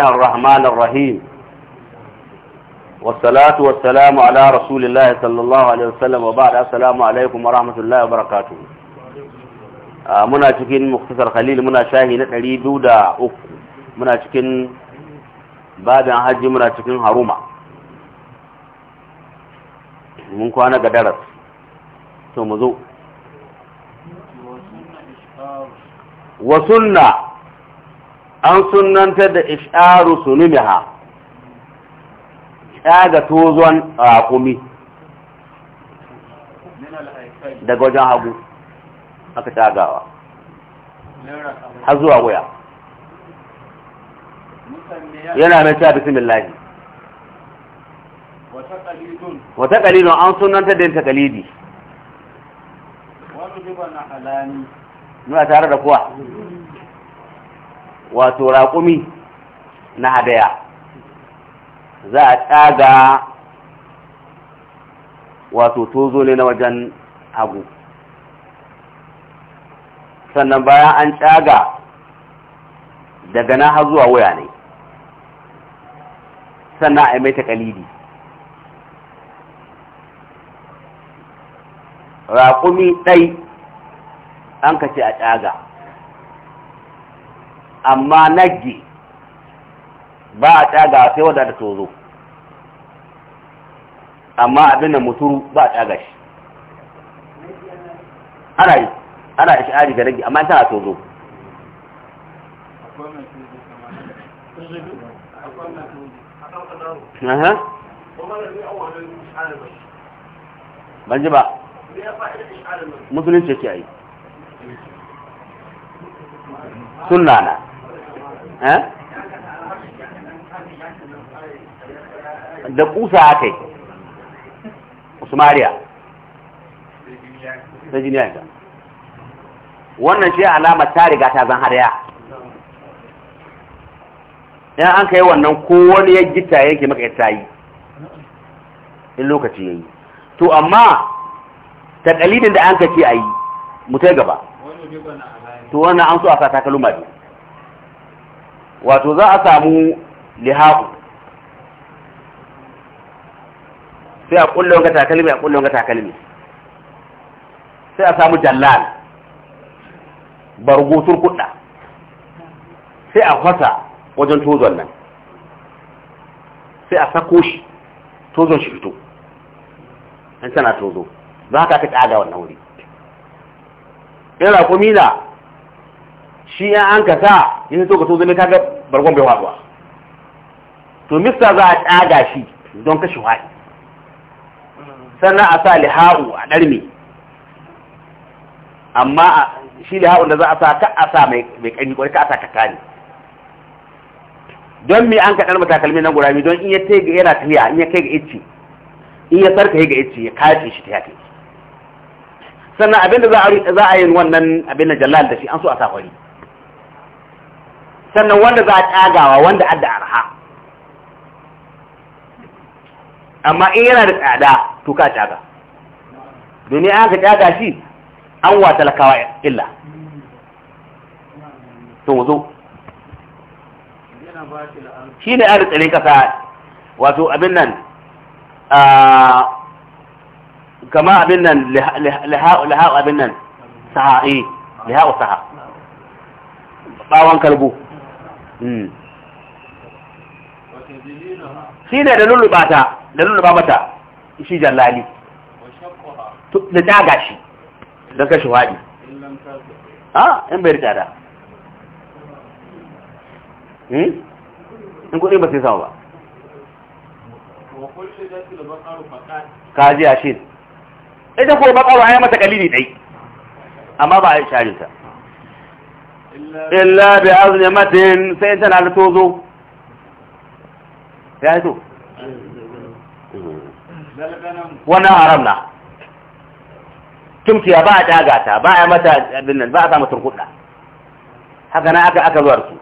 الله الرحمن الرحيم والصلاة والسلام على رسول الله صلى الله عليه وسلم وبعد السلام عليكم ورحمة الله وبركاته muna cikin muktasar khalil muna shahi na ɗari da muna cikin babin muna cikin haruma mun kwana ga daras to mu zo an sunantar da isharu sunumiha ga tozon rakumi daga wajen hagu aka tagawa har zuwa wuya yana mai cewa bismillahi wata kalilun an sunanta da na halani nuna tare da kuwa wato raƙumi na hadaya za a tsaga wato tozo ne na wajen hagu sannan bayan an tsaga daga na har zuwa wuya ne sannan a yi mai kalidi raƙumi ɗai an kace a tsaga amma nagge ba a tsaga sai wadda da tozo amma abin da muturu ba a tsaga shi ana yi ana da ari da nagge amma tana tozo ban ji ba musulunci ke yi sunna na Eh? da kusa aka yi usmariya da jiniya ta wannan shi alama ta riga ta zan ya in an ka yi wannan kowane ya gita yanke maka ya tayi in lokaci ya yi to amma ta da an ka ce a yi mutai gaba to wannan an so a sa takaluma biyu wato za a samu lihaku sai a kulle wanga takalmi a kulle wanga takalmi sai a samu jallal bargo turkuɗa sai a fasa wajen tozon nan sai a sako shi tozon shi fito an tana tozo za ka ka tsada wannan wuri ɗin rakumina shi ya an kasa ya to ka so zane kaga bargon bai faruwa. to mista za a tsaga shi don kashe wani sannan a sa liha'u a ɗarme amma shi liha'u da za a sa ka a sa mai ƙarni ƙwari ka a sa kakani don me an kaɗar matakalmi nan gurami don in ya ta ga yana tafiya in ya kai ga ice in ya sarka ga ice ya kaci shi ta yake sannan abinda za a yi wannan abin da jallal da shi an so a sa kwari sannan wanda za a ƙagawa wanda adda arha amma in yana da tsada to ka ƙaga domin an ka ƙaga shi an wata lakawa illa to zo shi ne an tsare kasa wato abin nan kama abin nan liha'u abin nan saha'i liha'u saha bawon kalbo Hmm. shi ne da lulluɓa ta da lulluɓa mata shi jallali da daga shi don kashe waɗi a in bai rikada hmm? in kudin ba sai samu ba kaji a shi ita ko bakaru a yi mata kalili ɗai amma ba a yi sharinta illa bi aznimatin sai tana da tozo ya hito wannan haram na tumtiya ba a daga ta ba a mata abin nan ba a samu turkuɗa haka na aka aka zuwa su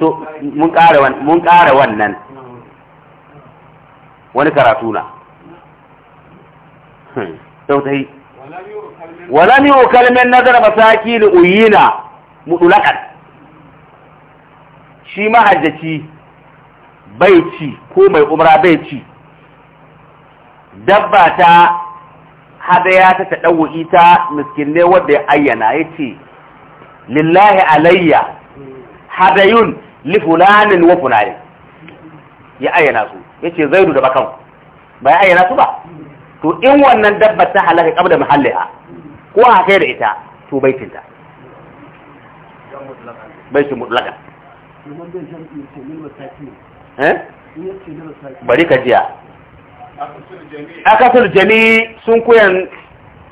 to mun ƙara wannan wani karatu na sau ta yi ولم يوكل من نظر مساكين أيينا مطلقا shi mahajjaci bai ci ko mai umra bai ci dabba ta hadaya ta taɗawo'i ta miskinne wadda ya ayyana ya ce lillahi alayya hadayun li fulanin ya ayyana su ya ce zaidu da bakan bai ayyana su ba to in wannan dabbar ta halaka kabda mahalliha ko a kai da ita to baitin ta baitin mutlaka eh? bari ka jiya akasul jami sun koyan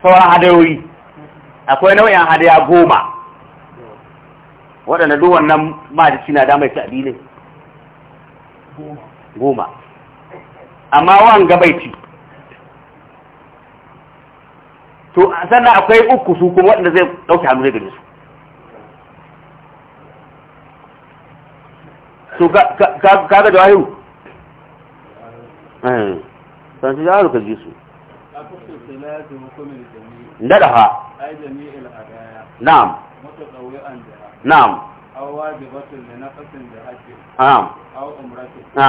sauran hadayoyi akwai nau'in hadaya goma waɗanda duk wannan majici na damar ta ne? goma amma wa'an gabaici to sannan akwai uku su kuma waɗanda zai ɗauke hannu zai gare su to ka ga jawahiru eh, san shi jawahiru ka ji su da ha na'am na'am أو Na.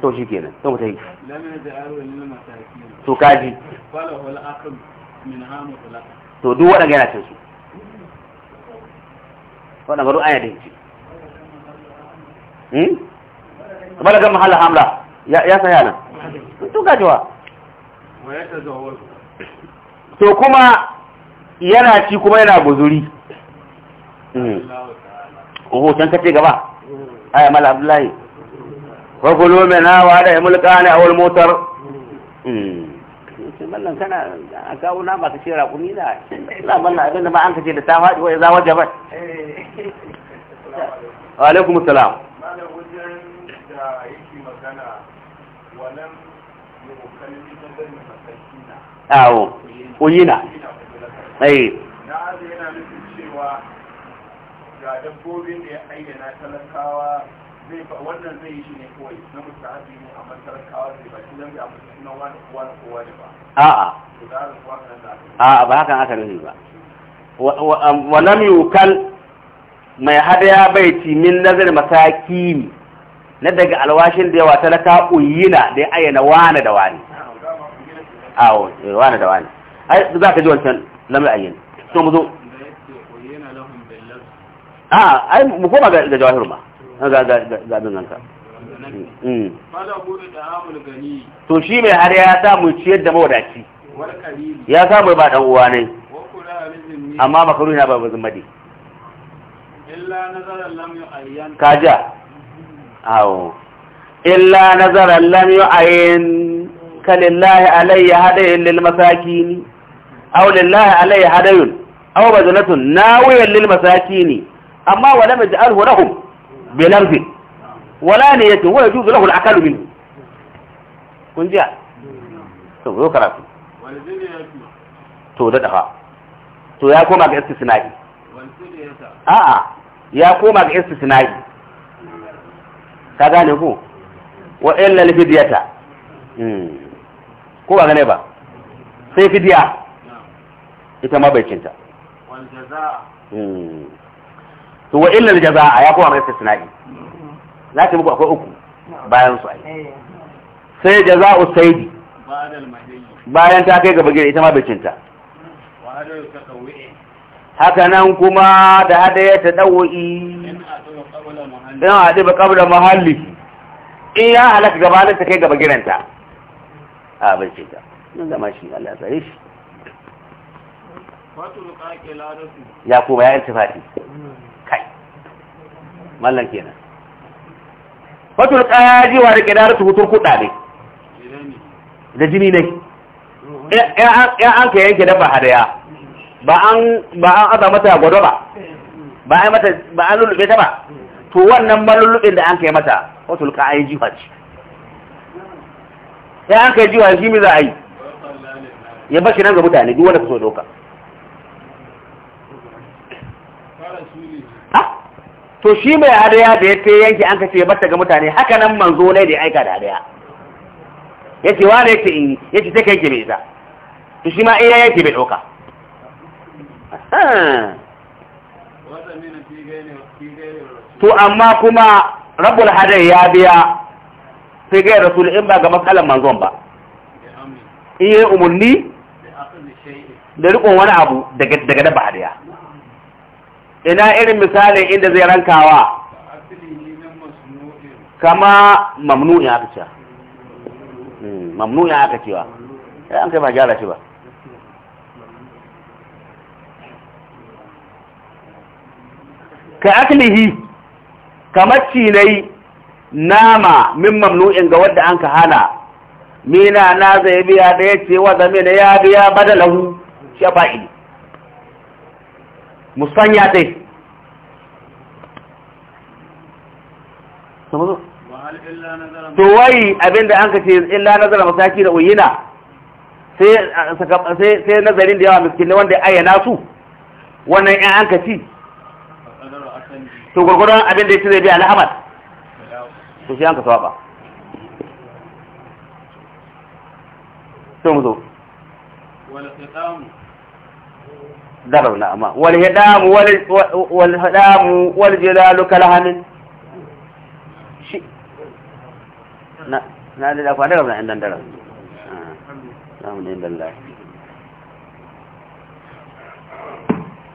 to shi kenan to mutai to kaji to duk waɗanda yana cin su waɗanda duk aya hmm hinci balaga mahalla hamla ya saya nan to kaji wa to kuma yana ci kuma yana guzuri hmm. oho can kace gaba aya mala abdullahi fakulu mina wa da ya mulka ne a wani motar mallan kana a kawo na masu ce rakumi na ina mallan abin da ma an kace da ta faɗi wa ya zawa jabar wa alaikum salam malam wajen da yake magana walam yukalli da masakina awo uyina eh na yana nufin cewa ga dabbobin da ya ayyana talakawa zai zai yi shi ne kawai na ne a ba shi zai abu na wani kowa kowa ne ba a'a ba hakan aka nufi ba wa lam yukal mai hadaya bai ci min nazar ne na daga alwashin da yawa talaka uyina da ya ayyana wane da wane a eh, wane da wane ai za ka ji wancan lamar ayyana so mu zo a ai mu koma ga jawahir Ah, ga ga ga nan ka mm. to shi mai har ya samu ciyar da mawadaci ya samu ba dan uwa ne amma makaru na ba bazin madi kaja awo illa nazarar lam yu'ayin kalillahi alayya hadayin lil masakini aw lillahi alayya hadayun aw bazanatun nawiyan lil masakini amma wa lam yaj'alhu lahum بلغز ولا نية ويجوز له الأكل منه kun jiya to zo karatu to da dafa to ya koma ga istisna'i a'a ya koma ga istisna'i gane ko wa illa li fidyata ko ba ba sai diya ita ma bai cinta to wa illa jaza'a ya kuma mai istisna'i za ta muku akwai uku bayan su ai sai jaza'u saidi bayan ta kai gaba gida ita ma bicinta haka nan kuma da ya ta dawo'i in a ɗiba ƙabla muhalli in ya halaka gabanin ta kai gaba giranta a bicinta zama shi Allah tsare shi ya kuma ya iltifati ka mallan kenan fatul qaji wa da kidar su hutur kuda ne da jini ne ya an ka yanke dafa hadaya ba an ba an aza mata gado ba ba ai mata ba an lulube ta ba to wannan malulubin da an kai mata fatul qaji wa ce ya an kai jiwa shi mi za a yi ya bashi nan ga mutane duk wanda ka so doka to shi mai hadaya da ya ce yanki an kace bata ga mutane haka nan manzo ne da ya aika da hadaya ce wane yake in ce take yake mai isa to shi ma iya yake bai ɗauka. to amma kuma rabul hadai ya biya sai ga rasul in ba ga matsalan manzon ba in yi umarni da rikon wani abu daga daga da ba ina irin misalin inda zai rankawa kama mamnu'in aka cewa hmm, mamnu'in aka cewa ya eh, an kai ba gyara shi ba ka aklihi kamar cinai nama min mamnu'in ga wadda an ka hana mina na zai biya da ya ce wa zame ya biya badalahu shi musanya dai to wai abinda an kace illa nazara masaki da uyina sai sai nazarin da yawa miskinai wanda ya ayyana su wannan yan an kaci to da abinda ci zai biya alhamad to sai an ka saba to mu zo darau na amma wal hidamu wal hidamu wal jilalu kalhanin shi na na da kwana da nan darau na mu ne